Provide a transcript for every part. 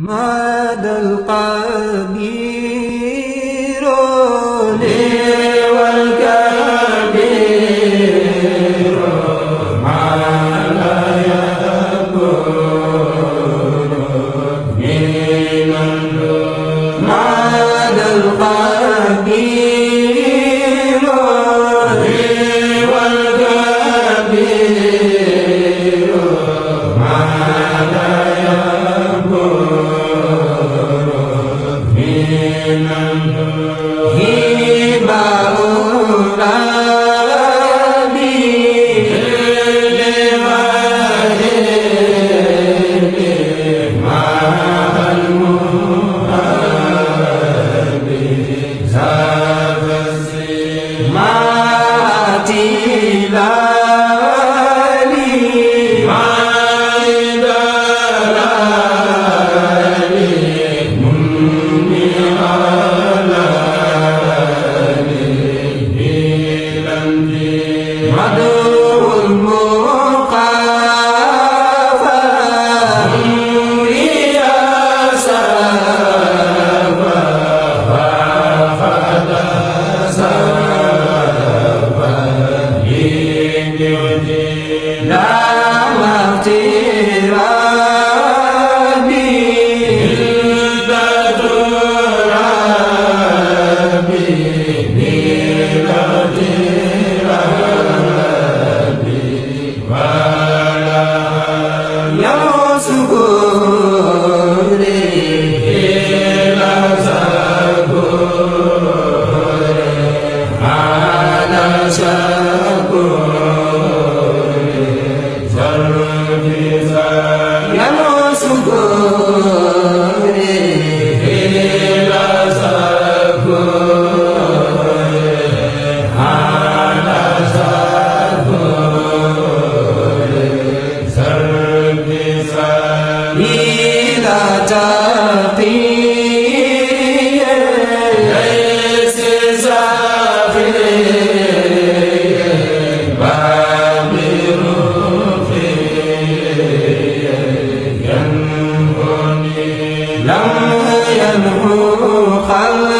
ماد القدير لم يلهو خلق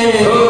Amen.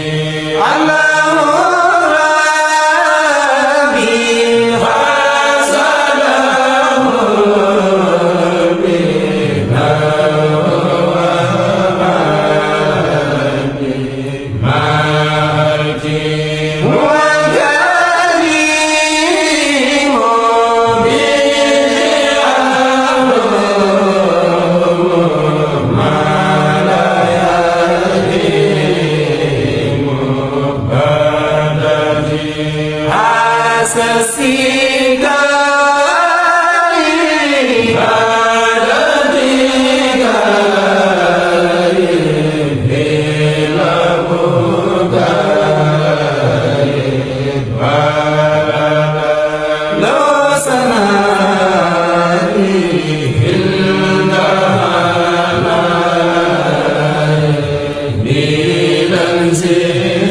Amen.